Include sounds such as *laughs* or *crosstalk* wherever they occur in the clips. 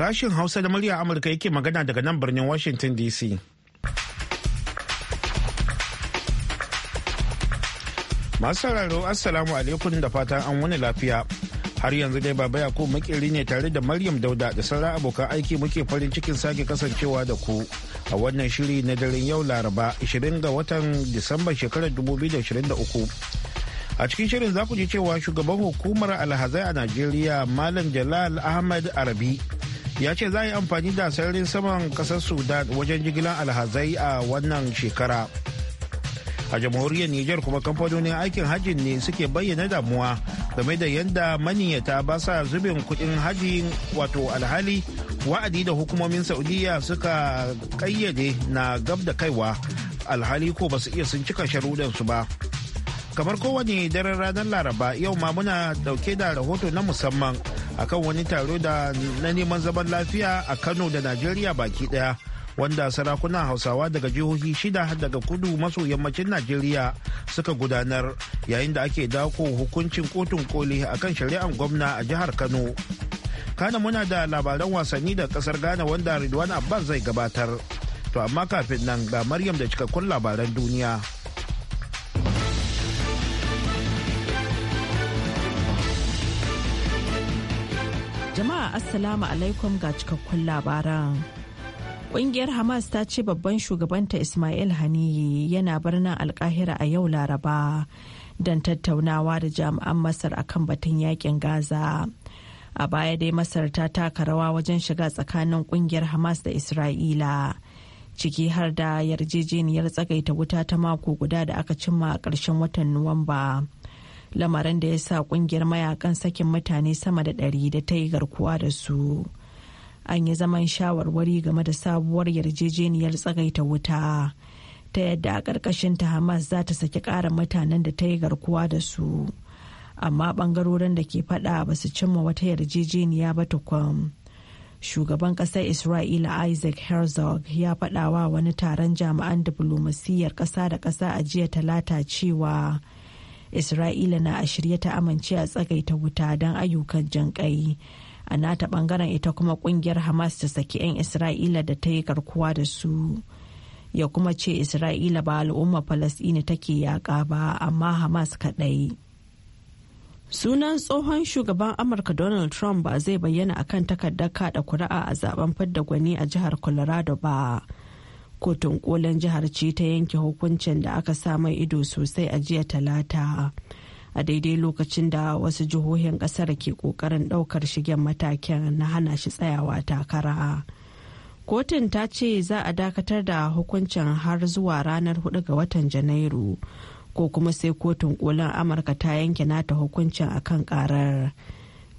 Sashen Hausa da murya Amurka yake magana daga nan birnin Washington DC. Masu sauraro Assalamu alaikum da fatan an wani lafiya. Har yanzu dai Baba Yakub makeri ne tare da Maryam Dauda da sauran abokan aiki muke farin cikin sake kasancewa da ku a wannan shiri na daren yau Laraba 20 ga watan Disamba shekarar 2023. a cikin shirin za ku ji cewa shugaban hukumar alhazai a najeriya malam jalal ahmad arabi ya ce za a yi amfani da sararin saman kasar sudan wajen jigilar alhazai a wannan shekara a jamhuriyar niger kuma kamfanonin aikin hajji ne suke bayyana damuwa game da yadda maniyata ba sa zubin kudin hajji wato alhali wa'adi da hukumomin saudiya suka kayyade na gab da kaiwa alhali ko ba su iya sun cika sharudansu ba kamar kowane daren ranar laraba yau ma muna dauke da rahoto na musamman akan wani taro da na neman zaman lafiya a kano da najeriya baki daya wanda sarakunan hausawa daga jihohi shida daga kudu maso yammacin najeriya suka gudanar yayin da ake dako hukuncin kotun koli akan shari'ar gwamna a jihar kano kana muna da labaran wasanni da kasar ghana wanda ridwan abbas zai gabatar to amma kafin nan ga maryam da cikakkun labaran duniya Jama'a Assalamu alaikum ga cikakkun labaran. Ƙungiyar Hamas ta ce babban shugabanta Ismail Haniyi yana birnin alkahira a yau Laraba don tattaunawa da jami'an Masar akan batun yakin Gaza. A baya dai Masar ta taka rawa wajen shiga tsakanin ƙungiyar Hamas da Isra'ila. Ciki har da yarjejeniyar tsagaita wuta ta mako guda da aka cimma a ƙarshen watan Nuwamba. lamarin da ya sa kungiyar mayakan sakin mutane sama da ɗari da ta yi garkuwa da su an yi zaman shawarwari game da sabuwar yarjejeniyar tsagaita wuta ta yadda a ƙarƙashin ta hamas za ta saki ƙara mutanen da ta yi garkuwa da su amma ɓangarorin da ke faɗa ba su cimma wata yarjejeniya ba tukwam shugaban ƙasar isra'ila isaac herzog ya faɗawa wani taron jami'an diflomasiyyar ƙasa da ƙasa a jiya talata cewa isra'ila na a shirye ta amince a tsagaita wuta don ayyukan jinƙai a nata ɓangaren ita kuma ƙungiyar hamas ta saki 'yan isra'ila da ta yi garkuwa da su ya kuma ce isra'ila ba al'umma falasɗini take yaƙa ba amma hamas kaɗai sunan tsohon shugaban amurka donald trump ba zai bayyana akan takardar kaɗa kuri'a a zaben fidda gwani a jihar colorado ba kotun kolin jihar ce ta yanke hukuncin da aka sa ido sosai a jiya talata a daidai lokacin da wasu jihohin kasar ke kokarin daukar shigen matakin na hana shi tsayawa takara kotun ta ce za a dakatar da hukuncin har zuwa ranar 4 ga watan janairu ko kuma sai kotun kolin amurka ta yanke nata hukuncin akan karar. karar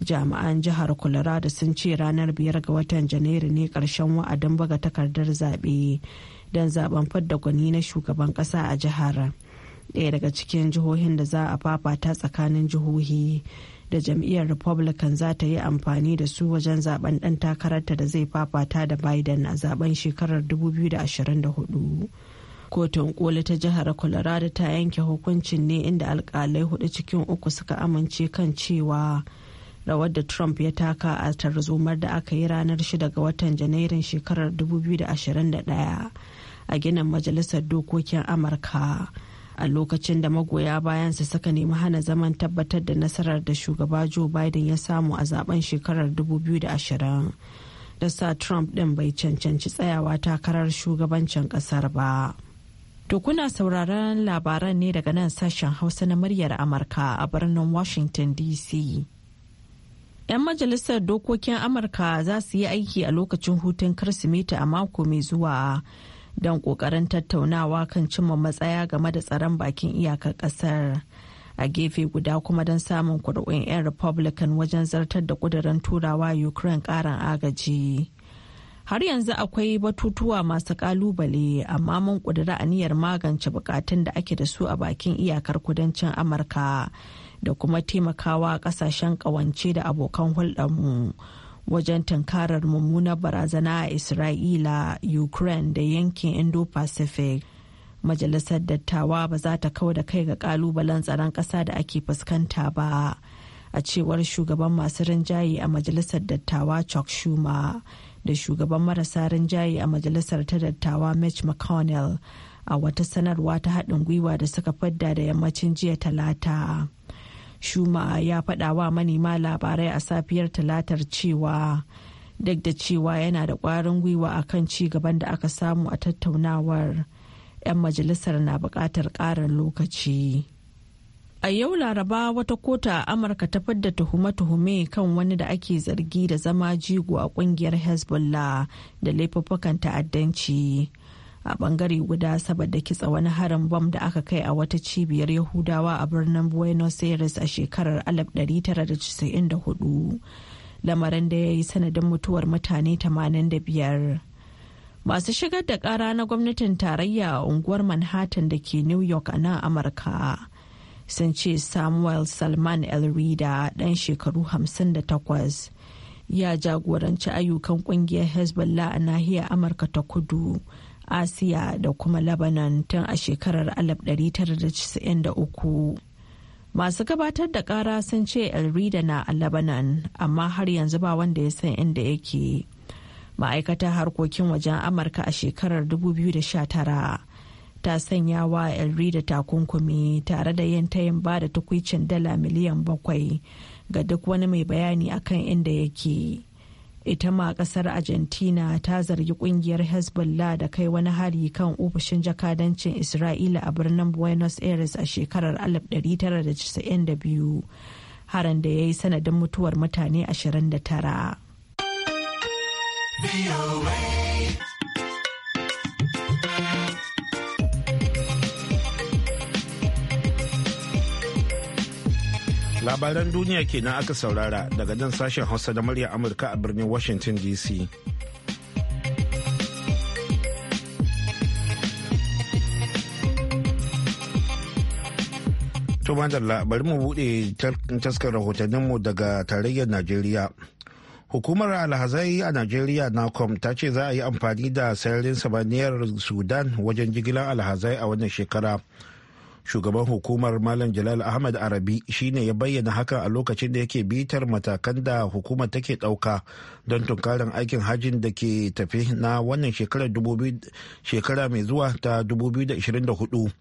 jami'an jihar colorado sun ce ranar biyar ga watan janairu ne karshen wa'adin buga takardar zaɓe don zaben fadda gwani na shugaban ƙasa a jihar ɗaya daga cikin jihohin da za a fafata tsakanin jihohi da jam'iyyar republican za ta yi amfani da su wajen zaben ɗan takararta da zai fafata da biden a zaben shekarar 2024 kotun koli ta jihar colorado ta yanke hukuncin ne inda alkalai hudu cikin uku suka amince kan cewa rawar da trump ya taka a tarzomar da aka yi ranar 6 ga watan janairun shekarar 2021 a ginin majalisar dokokin amurka a lokacin da magoya bayan bayansa saka nemi hana zaman tabbatar da nasarar da shugaba joe biden ya samu a zaben shekarar 2020 da sa trump ɗin bai cancanci tsayawa takarar shugabancin ƙasar ba. To kuna sauraron labaran ne daga nan sashen Hausa na muryar Amurka a birnin Washington DC. 'Yan majalisar dokokin Amurka za su yi aiki a lokacin hutun Kirsimeti a mako mai zuwa don ƙoƙarin tattaunawa kan cimma matsaya game da tsaron bakin iyakar ƙasar. A gefe guda kuma don samun kuri'un 'yan Republican wajen zartar da ƙudurin turawa Ukraine ƙarin agaji. har yanzu akwai batutuwa masu kalubale amma mun kudura aniyar magance bukatun da ake da su a bakin iyakar kudancin amurka da kuma taimakawa a kasashen ƙawance da abokan hulɗarmu wajen tunkarar mummunar barazana a isra'ila ukraine da yankin indo-pacific majalisar dattawa ba za ta kawo da kai ga kalubalen tsaron ƙasa da ake fuskanta ba a cewar shugaban masu rinjaye a majalisar dattawa chuck schumer da shugaban marasa rinjaye a majalisar ta dattawa mitch mcconnell a wata sanarwa ta haɗin gwiwa da suka fadda da yammacin jiya talata. shuma ya faɗa wa manema labarai a safiyar talatar cewa duk da cewa yana da ƙwarin gwiwa akan ci gaban da aka samu a tattaunawar 'yan majalisar na buƙatar ƙarin lokaci. A yau Laraba wata kota a Amurka ta fadda tuhume-tuhume kan wani da ake zargi da zama jigo a kungiyar Hezbollah da laifuffukan ta'addanci. a bangare guda saboda kitsa wani harin bom da aka kai a wata cibiyar yahudawa a birnin buenos aires a shekarar 1994 lamarin da ya yi sanadin mutuwar mutane 85 masu shigar da kara na gwamnatin tarayya a unguwar manhattan da ke new york a nan amurka sun ce samuel salman el- elrida dan shekaru 58 ya jagoranci ayyukan kungiyar hezbollah a nahiyar amurka ta kudu asiya da kuma lebanon tun a shekarar 1993 masu gabatar da ƙara sun ce elrida na a lebanon amma har yanzu ba wanda ya san inda yake ma'aikatar harkokin wajen amurka a shekarar 2019 ta sanya wa elrida takunkumi tare da yin tayin ba da tukwicin dala miliyan bakwai ga duk wani mai bayani akan inda yake. ita ma kasar argentina ta zargi kungiyar hezbollah da kai wani hari kan ofishin jakadancin isra'ila a birnin buenos aires a shekarar 1992 harin da ya yi sanadin mutuwar mutane 29 Labaran duniya kenan aka saurara daga nan sashen Hausa da murya Amurka a birnin Washington DC. To madalla bari mu bude taskar rahotanninmu daga tarayyar Najeriya. Hukumar alhazai a Najeriya NACOM ta ce za a yi amfani da sararin samaniyar Sudan wajen jigilar alhazai a wannan shekara shugaban hukumar malam jalal ahmad arabi shine ya bayyana haka a lokacin da yake bitar matakan da hukumar take ɗauka don tunkarin aikin hajjin da ke tafi na wannan shekara mai zuwa ta 2024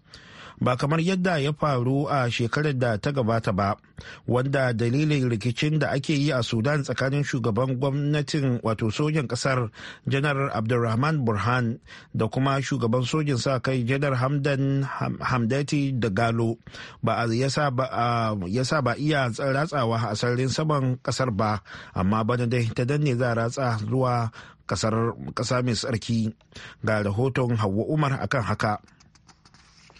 ba kamar yadda ya faru a shekarar da ta gabata ba wanda dalilin rikicin da ake yi a sudan tsakanin shugaban gwamnatin wato sojan kasar janar abdulrahman burhan da kuma shugaban sojin sa kai janar hamdan hamdati da galo ba a yasa ba iya ratsawa a sararin saman kasar ba amma bana dai ta danne za ratsa zuwa kasar kasa mai tsarki ga rahoton hawa umar akan haka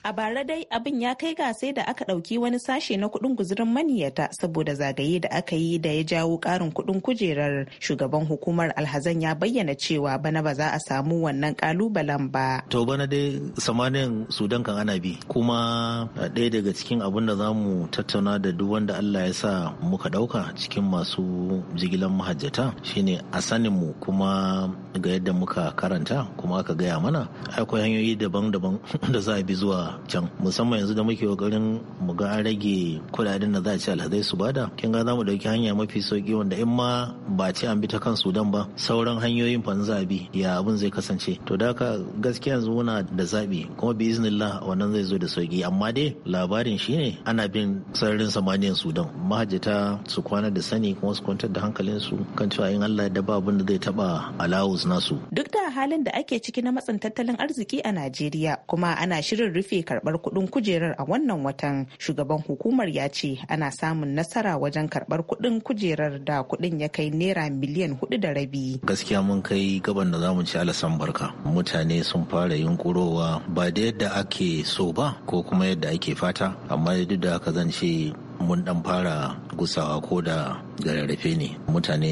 A bara dai abin ya kai ga sai da aka ɗauki wani sashe na kuɗin guzurin maniyata saboda zagaye da aka yi da ya jawo karin kuɗin kujerar shugaban hukumar alhazan ya bayyana cewa bana ba za a samu wannan kalubalen ba. To bana dai samanin sudan kan ana bi kuma ɗaya daga cikin abin da za mu tattauna da duk wanda Allah ya sa muka ɗauka cikin masu jigilan mahajjata shine a sanin mu kuma ga yadda muka karanta kuma aka gaya mana akwai hanyoyi daban-daban *laughs* da za a bi zuwa can musamman yanzu da muke kokarin mu ga an rage kudaden da za a ci alhazai su bada kin ga za mu dauki hanya mafi sauki wanda in ma ba ce an bi ta kan Sudan ba sauran hanyoyin fa za a bi ya abin zai kasance to da haka gaskiya yanzu muna da zabi kuma bi iznillah wannan zai zo da sauki amma dai labarin shine ana bin sararin samaniyan Sudan mahajjata su kwana da sani kuma su kwantar da hankalinsu kan cewa in Allah da ba abin da zai taba alawus nasu duk da halin da ake ciki na matsin tattalin arziki a Najeriya kuma ana shirin rufe zai karbar kudin kujerar a wannan watan shugaban hukumar ya ce ana samun nasara wajen karbar kudin kujerar da kudin ya kai naira miliyan hudu da rabi gaskiya mun kai gaban da zamu ci alasan barka mutane sun fara yunkurowa ba da yadda ake so ba ko kuma yadda ake fata amma duk da haka zan ce mun dan fara gusawa ko da rarrafe ne mutane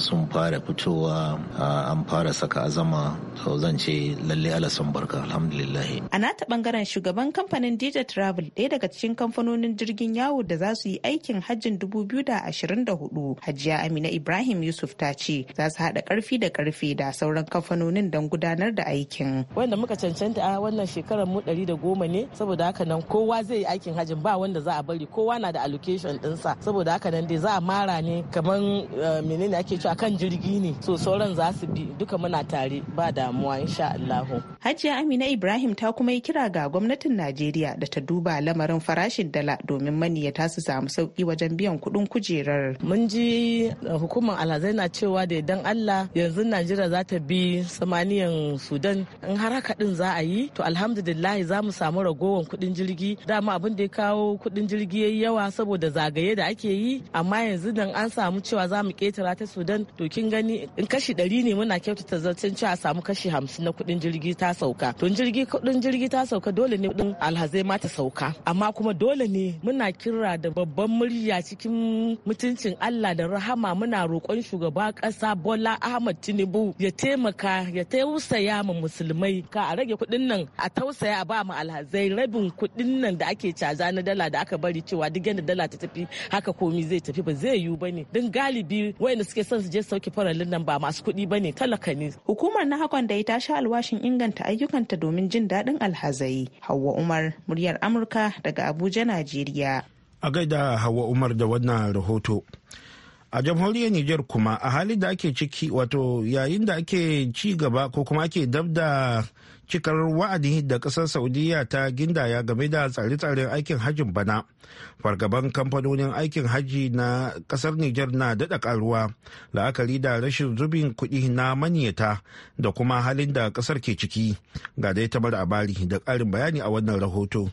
sun fara fitowa an fara saka azama so zan ce lalle ala sun barka alhamdulillah a nata bangaren shugaban kamfanin DJ Travel ɗaya daga cikin kamfanonin jirgin yawo da za su yi aikin hajjin 2024 Hajiya Amina Ibrahim Yusuf ta ce za su haɗa ƙarfi da ƙarfe da sauran kamfanonin don gudanar da aikin wanda muka cancanta a wannan shekarar mu 110 ne saboda haka nan kowa zai yi aikin hajjin ba wanda za a bari kowa na da da allocation dinsa saboda haka nan dai za a mara ne kamar eh, menene ake cewa kan jirgi ne so sauran za su bi duka muna tare ba damuwa insha Allah Hajiya Amina Ibrahim ta kuma yi kira ga gwamnatin Najeriya da ta duba lamarin farashin dala domin maniyata su samu sauki wajen biyan kuɗin kujerar mun ji eh, hukumar alhazai na cewa da idan Allah yanzu Najeriya za ta bi samaniyan Sudan in har haka din za a yi to alhamdulillah za mu samu ragowar kuɗin jirgi dama abin da ya kawo kuɗin jirgi yayi yawa saboda zagaye da ake yi amma yanzu nan an samu cewa za mu ketara ta sudan to kin gani in kashi ɗari ne muna kyautata zancen cewa a samu kashi hamsin na kuɗin jirgi ta sauka to jirgi kuɗin jirgi ta sauka dole ne kuɗin alhazai ma ta sauka amma kuma dole ne muna kira da babban murya cikin mutuncin Allah da rahama muna roƙon shugaba ƙasa Bola Ahmad Tinubu ya taimaka ya tausaya ma musulmai ka a rage kuɗin nan a tausaya a ba mu alhazai rabin kuɗin nan da ake caza na dala da aka bari cewa duk da dala ta tafi haka komi zai tafi ba zai yiwu bane dan galibi wayanda suke son su je sauke farallin nan ba masu kuɗi bane talaka ne hukumar na hakan da ta sha alwashin inganta ayyukanta domin jin daɗin alhazai hawa umar muryar amurka daga abuja najeriya a gaida hawa umar da wannan rahoto a jamhuriyar Nijar kuma a halin da ake ciki wato yayin da ake ci gaba ko kuma ake dab da cikar wa'adi da kasar saudiya ta gindaya game da tsare-tsaren aikin hajjin bana fargaban kamfanonin aikin hajji na kasar Nijar na daɗa karuwa la'akari da rashin zubin kuɗi na manyata da kuma halin da kasar ke ciki ga dai tamar abari da ƙarin bayani a wannan rahoto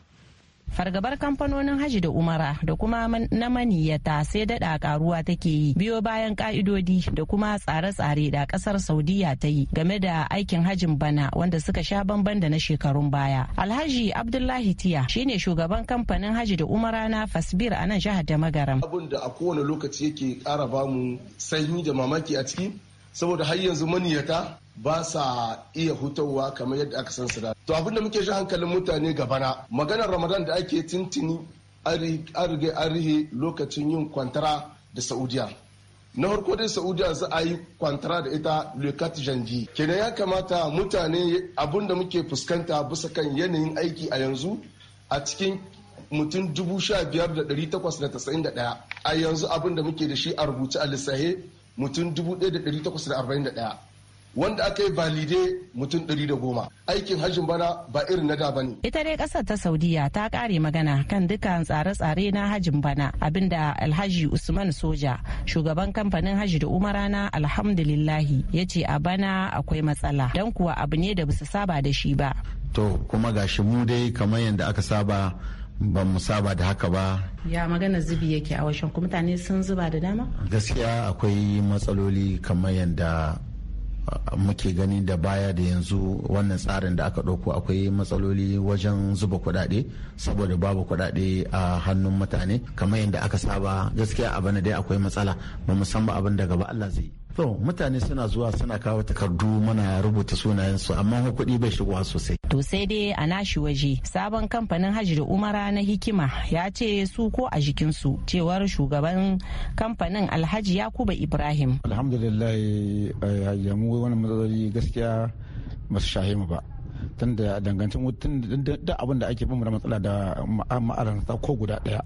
fargabar kamfanonin haji da umara da kuma na maniyyata sai daɗa karuwa take yi biyo bayan ka'idodi da kuma tsare-tsare da ƙasar saudiya ta yi game da aikin hajin bana wanda suka sha bamban da na shekarun baya alhaji abdullahi tiya shine shugaban kamfanin haji da umara na fasbir a nan jihar da magaram abin da a kowane lokaci yake kara bamu sanyi da mamaki a ciki saboda har yanzu maniyata ba sa iya hutawa kamar yadda aka san su to abinda muke shi hankalin mutane ga bana. maganar ramadan da ake tintini an rige an rihe lokacin yin kwantara da saudiya na farko dai saudiya za a yi kwantara da ita lekat janji kenan ya kamata mutane abin muke fuskanta bisa kan yanayin aiki a yanzu a cikin mutum 15,891 a yanzu abin da muke da shi a rubuce a lissahe mutum 1841 wanda aka yi valide mutum 110 aikin hajjin bana ba irin na da bane ita dai kasar ta saudiya ta kare magana kan dukkan tsare-tsare na hajjin bana abinda alhaji usman soja shugaban kamfanin hajji da umara na alhamdulillahi ya ce a bana akwai matsala don kuwa abu ne da basu saba da shi ba to kuma gashi mu dai kamar yadda aka saba ba mu saba da haka ba ya magana zubi yake a washen kuma mutane sun zuba da dama gaskiya akwai matsaloli kamar yadda muke gani da baya da yanzu wannan tsarin da aka ɗauko akwai matsaloli wajen zuba kuɗaɗe saboda babu kuɗaɗe a hannun mutane kamar yadda aka saba gaskiya abin da dai akwai matsala ba mu musamman abin da gaba Allah zai yi so mutane suna zuwa suna kawo takardu mana rubuta sunayensu amma kuɗi bai shigowa sosai to sai dai a nashi waje sabon kamfanin hajji da umara na hikima ya ce su ko a jikinsu cewar shugaban kamfanin alhaji yakuba ibrahim alhamdulillah eh, mu wani matsaloli gaskiya ba su shahimu ba tun da dangancin tun da abin da ake bin da matsala da ma'aranta ko guda daya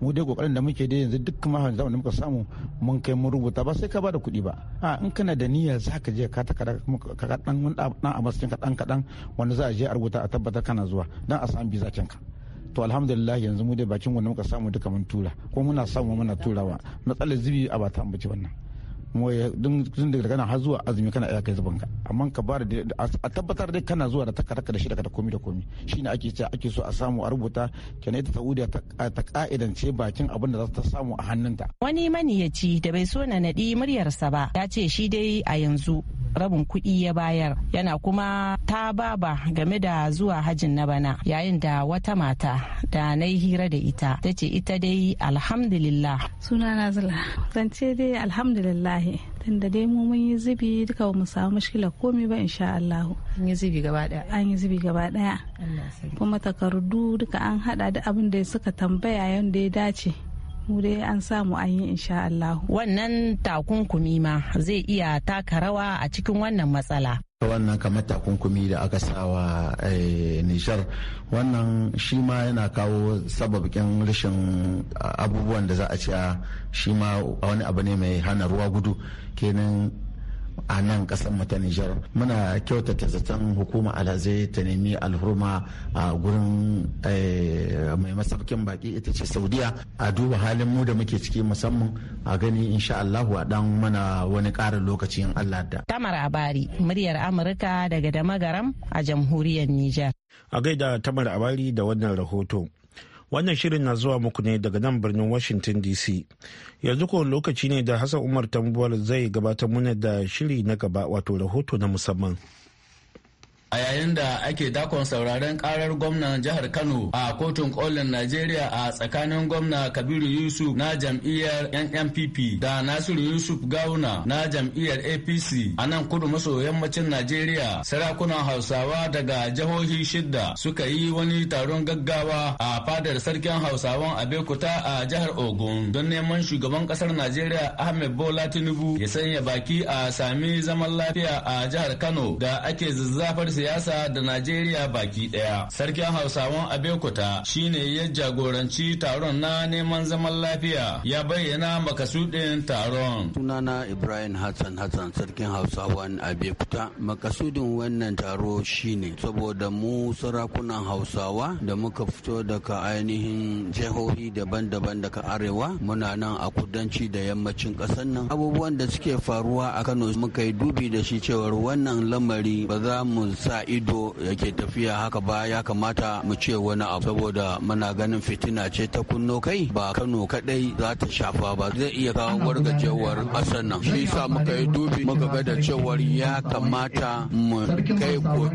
mu dai kokarin da muke da yanzu duk mahaifin zaman da muka samu mun kai mun rubuta ba sai ka bada kuɗi ba a in kana da niyya za ka je ka ta ka dan dan a matsayin ka dan kadan wanda za a je a rubuta a tabbatar kana zuwa dan a samu biza ka to alhamdulillah yanzu mu dai bakin wanda muka samu duka mun tura ko muna samu muna turawa matsalar zibi a ba ta ambaci wannan da kana har zuwa azumi kana iya kai zubanka amma ka ba a tabbatar dai kana zuwa da takaraka da shi daga da komi da komi shine ake cewa ake so a samu a rubuta kenan ita saudiya ta ka'idance bakin abin da za ta samu a hannunta wani maniyaci da bai so na nadi muryarsa ba ya ce shi dai a yanzu rabin kuɗi ya bayar yana kuma ta baba game da zuwa hajin na bana yayin da wata mata da na yi hira da ita ta ce ita dai alhamdulillah na zula zance dai alhamdulillah tunda dai mun yi zubi duka mu samu mashkila komai ba insha Allah an yi zubi gaba daya an yi zubi gaba daya kuma takardu duka an hada da abin da suka tambaya yanda ya dace mu dai an samu an yi insha Allah. Wannan takunkumi ma zai iya taka rawa a cikin wannan matsala. wannan kamar takunkumi da aka sawa eh, nijar wannan shi ma yana kawo sababikin rashin abubuwan da za a ciya shi ma wani abu ne mai hana ruwa gudu kenan a nan kasar mu ta Nijar muna kyautata zaton hukuma alhazai ta nemi alhurma a gurin eh, mai masaukin baki ita ce Saudiya a duba halin mu da muke ciki musamman a gani insha Allah a dan mana wani ƙarin lokaci in Allah da. Tamar Abari muryar Amurka daga Damagaram a jamhuriyar Nijar. A gaida Tamar Abari da wannan rahoto. Wannan shirin na zuwa muku ne daga nan birnin Washington DC. Yanzu kowane lokaci ne da Hassan Umar tambuwar zai gabatar muna da shiri na gaba wato rahoto na musamman. a yayin da ake dakon sauraren karar gwamnan jihar Kano a kotun kolin Najeriya a tsakanin gwamna Kabiru Yusuf na jam'iyyar NNPP da Nasiru Yusuf Gauna na jam'iyyar APC a nan kudu maso yammacin Najeriya sarakunan Hausawa daga jihohi shidda suka yi wani taron gaggawa a fadar sarkin Hausawan Abekuta a jihar Ogun don neman shugaban kasar Najeriya Ahmed Bola Tinubu ya sanya baki a sami zaman lafiya a jihar Kano da ake zazzafar siyasa da Najeriya baki ɗaya. Sarkin Hausawan Abekuta shine ya jagoranci taron na neman zaman lafiya ya bayyana makasudin taron. Sunana Ibrahim Hassan Hassan Sarkin Hausawan Abekuta. Makasudin wannan taro shine saboda mu sarakunan Hausawa da muka fito daga ainihin jihohi daban-daban daga arewa muna nan a kudanci da yammacin ƙasar nan abubuwan da suke faruwa a Kano muka yi dubi da shi cewar wannan lamari ba za mu sa sa ido yake tafiya haka ba ya kamata mu ce wani abu saboda muna ganin fitina ce ta kunno kai ba Kano kadai za ta shafa ba zai iya kawo wargajewar asan nan shi yasa muka yi dubi muka ga da cewar ya kamata mu kai mu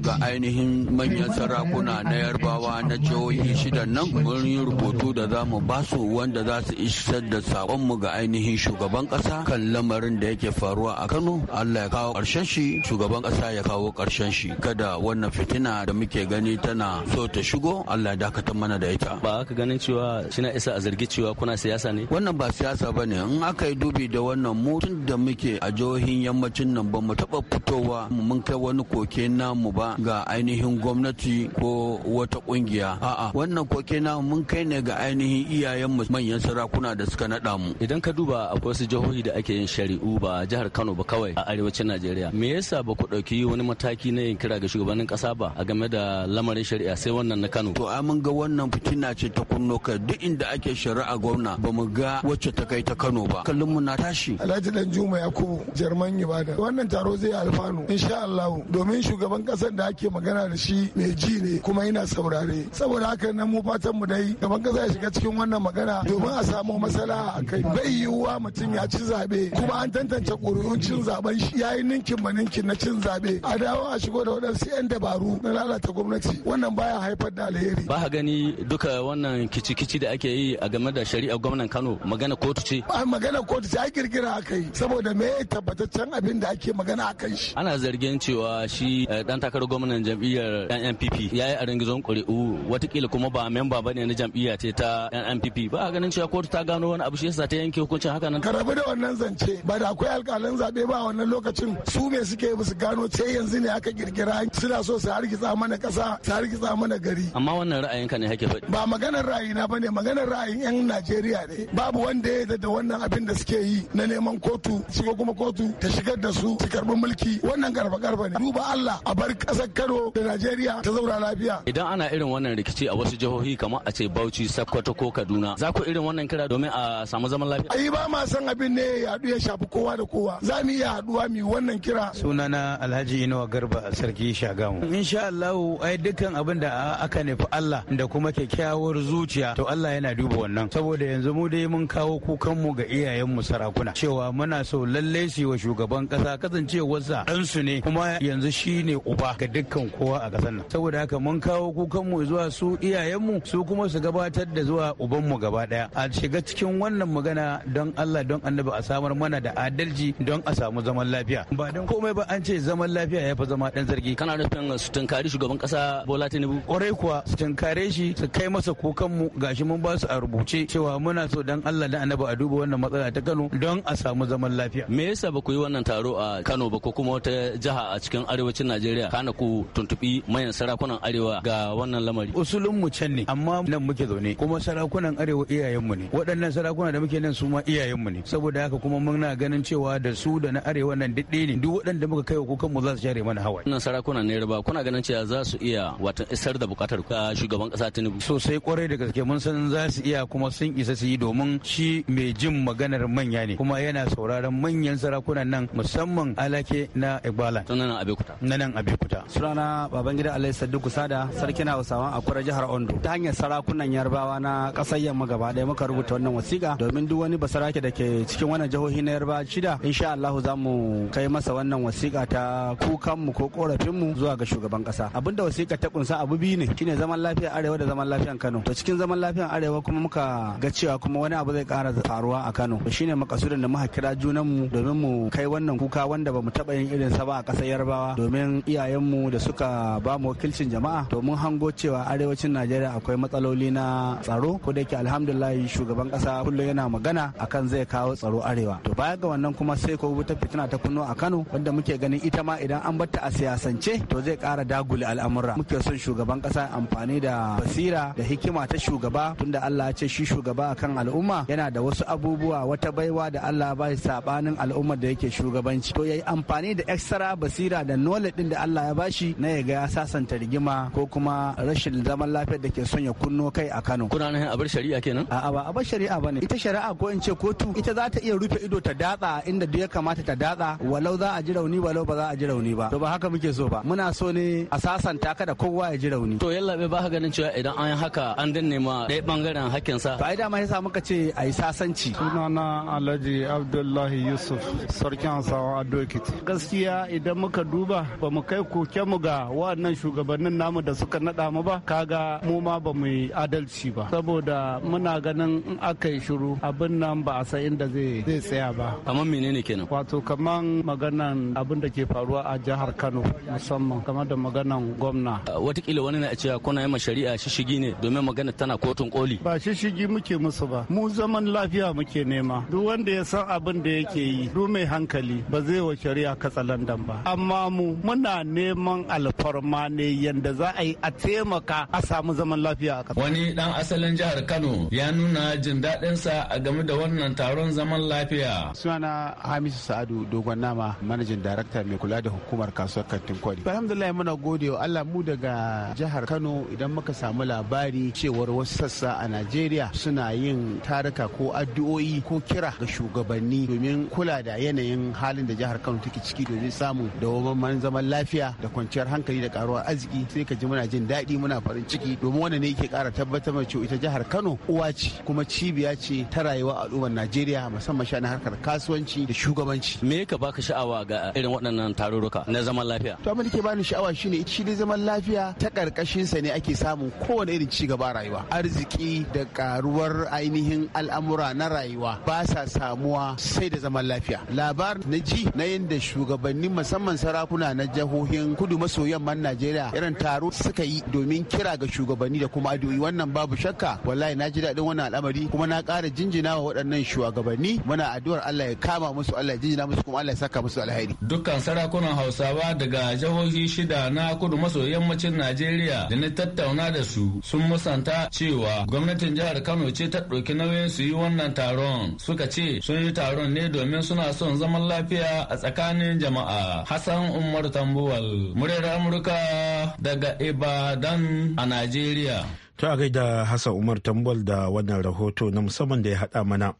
ga ainihin manyan sarakuna na yarbawa na jihohi shida nan mun yi rubutu da za mu ba su wanda za su isar da mu ga ainihin shugaban ƙasa kan lamarin da yake faruwa a Kano Allah ya kawo ƙarshen shi shugaban ƙasa ya kawo ƙarshen karshen shi kada wannan fitina da muke gani tana so ta shigo Allah ya dakatar mana da ita ba ka ganin cewa shina isa a zargi cewa kuna siyasa ne wannan ba siyasa bane in aka yi dubi da wannan mu tun da muke a jihohin yammacin nan ba mu taba fitowa mun kai wani koke namu ba ga ainihin gwamnati ko wata kungiya a'a wannan koke namu mun kai ne ga ainihin iyayen mu manyan sarakuna da suka nada mu idan ka duba akwai wasu jihohi da ake yin shari'u ba jihar Kano ba kawai a arewacin Najeriya me yasa ba ku dauki wani mataki Ne na yin kira ga shugabannin kasa ba a game da lamarin shari'a sai wannan na Kano. To mun ga wannan fitina ce ta kunno ka duk inda ake shari'a gwamna ba mu ga wacce ta kai ta Kano ba. Kallon mu na tashi. Alhaji Danjuma Yakubu Jarman ibada Wannan taro zai alfanu insha Allah domin shugaban kasar da ake magana da shi mai ji ne kuma yana saurare. Saboda haka nan mu fatan mu dai gaban kasa ya shiga cikin wannan magana domin a samu masala a kai. Bai yiwuwa mutum ya ci zabe kuma an tantance ƙuri'un cin zaben shi yayi ninkin maninkin na cin zabe. A dawo a shigo da waɗansu 'yan dabaru na lalata gwamnati wannan baya haifar da alheri. Ba gani duka wannan kici-kici da ake yi a game da shari'a gwamnan Kano magana kotu ce. An magana kotu ce a kirkira aka yi saboda me tabbataccen abin da ake magana a kan shi. Ana zargin cewa shi dan eh, takarar gwamnan jam'iyyar NNPP ya yi a ringizon ƙuri'u watakila kuma ba memba ba ne na jam'iyya ce ta NNPP ba ganin cewa kotu ta gano wani abu shi yasa ta yanke hukuncin haka nan. Karabi da wannan zance ba da akwai alƙalan zaɓe ba wannan lokacin su me suke musu gano ce yanzu ne aka kirkira suna so su hargitsa mana kasa su hargitsa mana gari amma wannan ra'ayin ka ne hake faɗi ba maganar ra'ayi na bane maganar ra'ayin yan Najeriya ne babu wanda ya yarda da wannan abin da suke yi na neman kotu shiga kuma kotu ta shigar da su su karbi mulki wannan garba garba ne duba Allah a bar kasar Kano da Najeriya ta zauna lafiya idan ana irin wannan rikici a wasu jihohi kamar a ce Bauchi Sokoto ko Kaduna za ku irin wannan kira domin a samu zaman lafiya ai ba ma san abin ne ya haɗu ya shafi kowa da kowa za mu iya haɗuwa mu wannan kira sunana Alhaji Inuwa Garba martaba sarki shagamu insha Allah ai dukkan abin da aka nufi Allah da kuma kyakkyawar zuciya to Allah yana duba wannan saboda yanzu mu dai mun kawo kukan mu ga iyayenmu sarakuna cewa muna so lalle su wa shugaban kasa kasancewarsa ɗansu ne kuma yanzu shine uba ga dukkan kowa a kasar nan saboda haka mun kawo kukan mu zuwa su iyayenmu su kuma su gabatar da zuwa ubanmu gaba daya a shiga cikin wannan magana don Allah don annabi a samar mana da adalci don a samu zaman lafiya ba dan komai ba an ce zaman lafiya ya fi zaman ma dan zargi kana nufin su tunkari shugaban kasa Bola Tinubu kwarai kuwa su tunkare shi su kai masa kukan mu gashi mun ba su a rubuce cewa muna so dan Allah da Annabi a duba wannan matsala ta Kano don a samu zaman lafiya me yasa ba ku yi wannan taro a Kano ba ko kuma wata jiha a cikin arewacin Najeriya kana ku tuntubi mayan sarakunan arewa ga wannan lamari usulun mu can ne amma nan muke zaune kuma sarakunan arewa iyayen mu ne waɗannan sarakuna da muke nan su ma iyayen mu ne saboda haka kuma muna ganin cewa da su da na arewa nan duk ne duk waɗanda muka kai wa kukan mu za su share mana kawai. Nan sarakuna ne riba kuna ganin cewa za su iya wata isar da bukatar ka shugaban kasa Tinubu. Sosai kwarai da gaske mun san za su iya kuma sun isa su yi domin shi mai jin maganar manya ne kuma yana sauraron manyan sarakunan nan musamman alake na Igbala. Tun nan Abekuta. Na nan Abekuta. Sunana Babangida Alayhi Sada sarkin a kwarar jihar Ondo. Ta hanyar sarakunan Yarbawa na kasar Yamma gaba ɗaya muka rubuta wannan wasiƙa domin duk wani basarake da ke cikin wannan jihohi na Yarbawa shida insha Allah za mu kai masa wannan wasiƙa ta kukan mu ko korafinmu zuwa ga shugaban kasa abinda wasiƙa ta kunsa abu biyu ne shine zaman lafiya arewa da zaman lafiyan kano to cikin zaman lafiyan arewa kuma muka ga cewa kuma wani abu zai ƙara faruwa a kano to shine makasudin da muka kira junanmu domin mu kai wannan kuka wanda bamu taba yin irin sa ba a ƙasar yarbawa domin iyayenmu da suka ba mu wakilcin jama'a to mun hango cewa arewacin najeriya akwai matsaloli na tsaro ko da yake alhamdulillah shugaban kasa kullum yana magana akan zai kawo tsaro arewa to baya ga wannan kuma sai ko wuta fitina ta kunno a kano wanda muke ganin ita ma idan an batta a siyasance to zai kara dagula al'amura muke son shugaban kasa amfani da basira da hikima ta shugaba tunda Allah ya ce shi shugaba akan al'umma yana da wasu abubuwa wata baiwa da Allah ba shi sabanin al'ummar da yake shugabanci to yayi amfani da extra basira da knowledge din da Allah ya bashi na ya ga ya sasanta rigima ko kuma rashin zaman lafiyar da ke son ya kunno kai a Kano kuna nan abar shari'a kenan a'a ba abar shari'a bane ita shari'a ko in ce kotu ita za ta iya rufe ido ta datsa inda duk ya kamata ta datsa walau za a ji rauni walau ba za a ji rauni ba to ba haka muke so ba muna so ne a sasanta ka da kowa ya ji rauni to yalla bai ba ka ganin cewa idan an yi haka an danne ma ɗaya bangaren hakkin sa to ai dama yasa muka ce a yi sasanci sunana Alhaji Abdullahi Yusuf sarkin sawa a Dokiti gaskiya idan muka duba ba mu kai koke mu ga waɗannan shugabannin namu da suka naɗa mu ba kaga mu ma ba mu yi adalci ba saboda muna ganin in aka yi shiru abin nan ba a san inda zai tsaya ba kamar menene kenan wato kamar maganan abin da ke faruwa a jihar Kano Kano musamman kamar da maganan gwamna. Watakila wani na cewa kuna yi shari'a shishigi ne domin magana tana kotun koli. Ba shishigi muke musu ba. Mu zaman lafiya muke nema. Duk wanda ya san abin da yake yi duk mai hankali ba zai wa shari'a katsalandan ba. Amma mu muna neman alfarma ne yanda za a yi a taimaka a samu zaman lafiya a Wani dan asalin jihar Kano ya nuna jin daɗin sa a game da wannan taron zaman lafiya. Sunana Hamisu Sa'adu Dogon Nama, manajin darakta mai kula da hukumar kasuwa. kasuwar kantin kwari alhamdulillah muna gode wa Allah mu daga jihar Kano idan muka samu labari cewar wasu sassa a Najeriya suna yin taruka ko addu'o'i ko kira ga shugabanni domin kula da yanayin halin da jihar Kano take ciki domin samun dawwammamin zaman lafiya da kwanciyar hankali da karuwar arziki sai ka ji muna jin daɗi muna farin ciki domin wannan ne yake ƙara tabbatar da cewa ita jihar Kano uwa ce kuma cibiya ce ta rayuwa al'ummar Najeriya musamman shan harkar kasuwanci da shugabanci me yake baka sha'awa ga irin waɗannan tarurruka na zama zaman lafiya to abin da ke bani sha'awa shine shi ne zaman lafiya ta karkashin sa ne ake samun kowane irin ci gaba rayuwa arziki da karuwar ainihin al'amura na rayuwa ba sa samuwa sai da zaman lafiya labar na ji na yadda shugabannin musamman sarakuna na jihohin kudu maso yamman najeriya irin taro suka yi domin kira ga shugabanni da kuma adoyi wannan babu shakka wallahi na ji daɗin wannan al'amari kuma na ƙara jinjina wa waɗannan shugabanni muna addu'ar allah ya kama musu allah ya jinjina musu kuma allah ya saka musu alheri dukkan sarakunan hausawa daga jihohi shida na kudu maso yammacin Najeriya da na tattauna da su sun musanta cewa gwamnatin jihar Kano ce ta ɗauki nauyin su yi wannan taron. Suka ce sun yi taron ne domin suna son zaman lafiya a tsakanin jama'a. Hassan Umar Tambuwal, muryar Amurka daga Ibadan a Najeriya. To a gaida Hassan Umar Tambuwal da wannan rahoto na musamman da ya haɗa mana.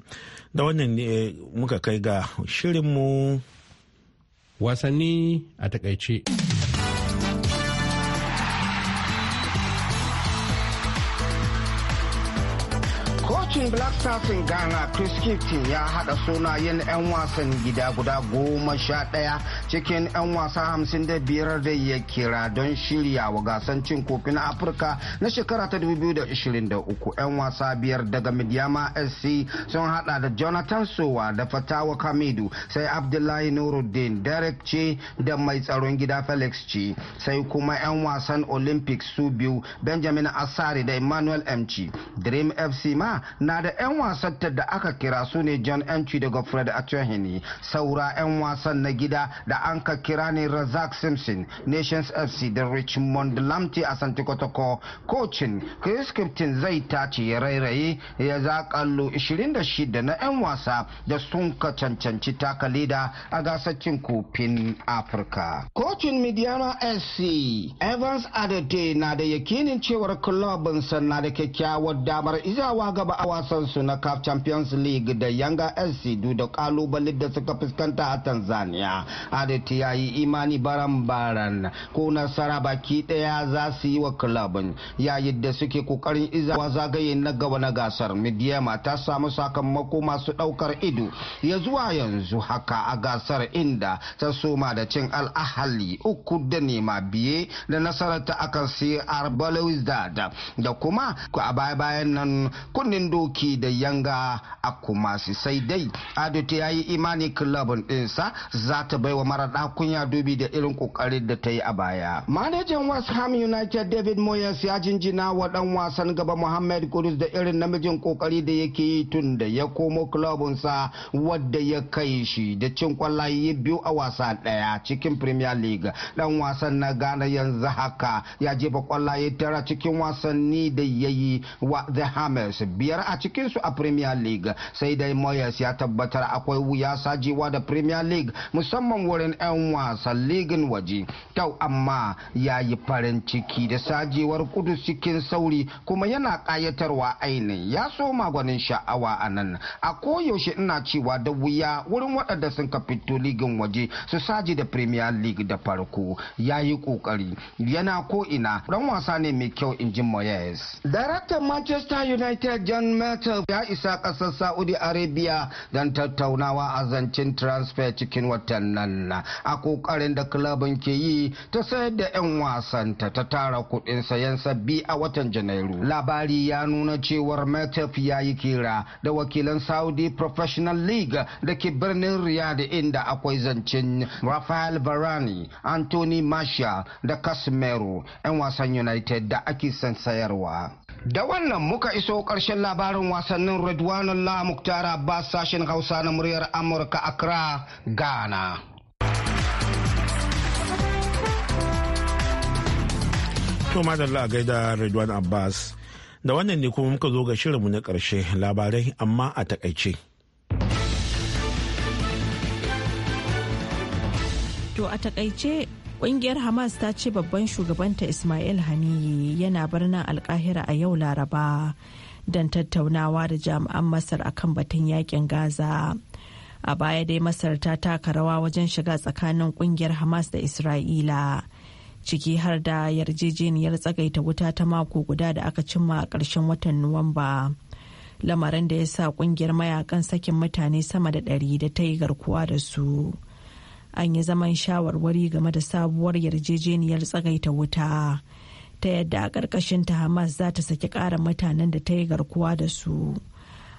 Da wannan ne muka kai ga shirinmu wasanni a takaice. black stars in ghana chris Kifty ya hada sunayen 'yan wasan gida guda goma sha daya cikin 'yan wasa hamsin da biyar da ya kira don shirya wa gasan cin kofi na afirka na shekara ta 2023 'yan wasa biyar daga midyama sc sun hada da jonathan sowa da fatawa kamidu sai abdullahi nuruddin derek Che da mai tsaron gida felix ce sai kuma 'yan wasan olympics su biyu benjamin asari da emmanuel mc dream fc ma na da 'yan wasan da aka kira su ne John Enchi daga Fred Atchehini, saura 'yan wasan na gida da an ka kira ne Razak Simpson Nations FC da Richmond Lamti a Santi Kotoko kocin Chris Kipton zai tace ya rairaye ya kallo 26 na 'yan wasa da sun ka cancanci taka leda a gasar kofin Afirka. Kocin mediana SC Evans Adade na da yakinin cewar kulabinsa na da kyakkyawar damar izawa gaba a wasa wasansu na CAF Champions League da Yanga SC da kalubalen da suka fuskanta a Tanzania. Adeti ya yi imani baran-baran ko nasara baki daya za su yi wa kulabin yayin da suke kokarin izawa zagaye na gaba na gasar. Midiyama ta samu sakamako masu daukar ido ya zuwa yanzu haka a gasar inda ta soma da cin al'ahali uku da nema biye da nasarar ta akan CR Baloizdad da kuma a baya-bayan nan kunnin doki duki da yanga a kumasi sai dai adote ya yi imani kilabin ɗinsa za ta bai wa mara ɗakunya dubi da irin kokarin da ta yi a baya manajan west ham united david moyes ya jinjina wa dan wasan gaba muhammad kudus da irin namijin kokari da yake yi tun da ya komo sa wadda ya kai shi da cin kwallaye biyu a wasa ɗaya cikin premier league ɗan wasan na gana yanzu haka ya jefa kwallaye tara cikin wasanni da ya yi wa the hammers biyar a cikinsu a premier league sai dai moyes ya tabbatar akwai wuya sajewa da premier league musamman wurin 'yan wasan ligin waje kyau amma ya yi farin ciki da sajewar kudu cikin sauri kuma yana kayatarwa ainihin ya so maganin sha'awa a nan a koyaushe ina cewa da wuya wurin waɗanda sun ka fito ligin waje su saji da premier league da farko ya yi ƙoƙari yana ko ina ɗan wasa ne mai kyau in ji moyes director manchester united john Carter ya isa ƙasar Saudi Arabia don tattaunawa a zancen transfer cikin watan nan a kokarin da kilabin ke yi ta sayar da 'yan wasanta ta tara kuɗin sayan sabbi a watan Janairu. Labari ya nuna cewar Metaf ya yi kira da wakilan Saudi Professional League da ke birnin Riyadh inda akwai zancen Rafael Varane, Anthony Marshall da Casemiro 'yan wasan United da ake san sayarwa. Da wannan muka iso ƙarshen labarin 'yan wasannin la muktara Abbas sashen Hausa na muryar Amurka Accra, Ghana. To madalla a gaida Redwan Abbas. Da wannan ne kuma muka zo ga shirinmu na ƙarshe labarai amma a takaice. To a takaice Ƙungiyar Hamas ta ce babban shugabanta Ismail Haniyi yana birnin alkahira a yau Laraba. don tattaunawa da jami'an masar a kan batun yakin gaza a baya dai masar ta taka rawa wajen shiga tsakanin kungiyar hamas da isra'ila ciki har da yarjejeniyar tsagaita wuta ta mako guda da aka cimma a ƙarshen watan nuwamba lamarin da ya sa kungiyar mayakan sakin mutane sama da ɗari da ta yi garkuwa da su an yi zaman shawarwari game da sabuwar yarjejeniyar tsagaita wuta ta yadda a ƙarƙashinta hamas za ta saki ƙara mutanen da ta yi garkuwa da su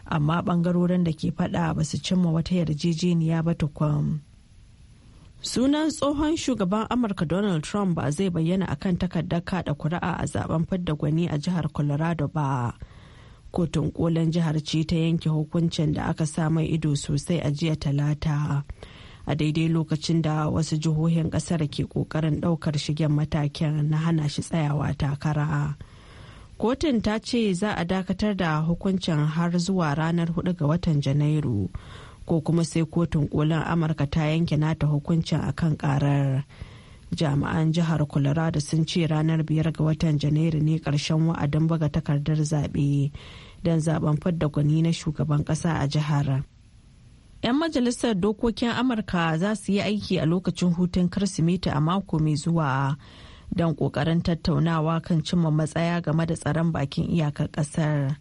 amma ɓangarorin da ke faɗa ba su cimma wata yarjejeniya ba tukwan. sunan tsohon shugaban amurka donald trump ba zai bayyana akan takardar kada kuri'a a zaben fidda gwani a jihar colorado ba kotun kolin jihar ce ta yanke hukuncin da aka sa mai ido sosai a jiya talata a daidai lokacin da wasu jihohin kasar ke kokarin daukar shigen matakin na hana shi tsayawa takara kotun ta ce za a dakatar da hukuncin har zuwa ranar 4 ga watan janairu ko kuma sai kotun kolin amurka ta yanke nata hukuncin kan karar jami'an jihar colorado sun ce ranar 5 ga watan janairu ne karshen wa'adin buga takardar zaɓe don zaben fadda gwani na shugaban ƙasa a jihar 'Yan majalisar dokokin Amurka za su yi aiki a lokacin hutun Kirsimeti a mako mai zuwa don kokarin tattaunawa kan cimma matsaya game da tsaron bakin iyakar kasar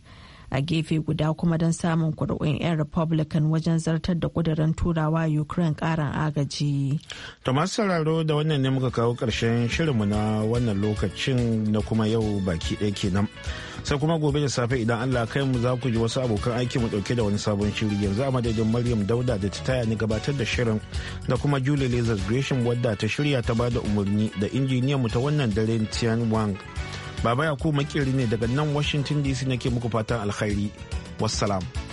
A gefe guda kuma don samun kuri'un 'yan Republican wajen zartar da kudirin turawa Ukraine karan agaji. To masu sauraro da wannan ne muka kawo ƙarshen shirinmu na wannan lokacin na kuma yau baki ɗaya kenan. sai kuma gobe da safe idan Allah kai mu za ku ji wasu abokan aiki mu dauke da wani sabon shiri yanzu a madadin Maryam Dauda da ta taya ni gabatar da shirin da kuma Julie Lazar Gresham wadda ta shirya ta bada umarni da injiniyan mu ta wannan dare Tian Wang. Baba Yakubu makeri ne daga nan Washington DC nake muku fatan alkhairi. Wassalam.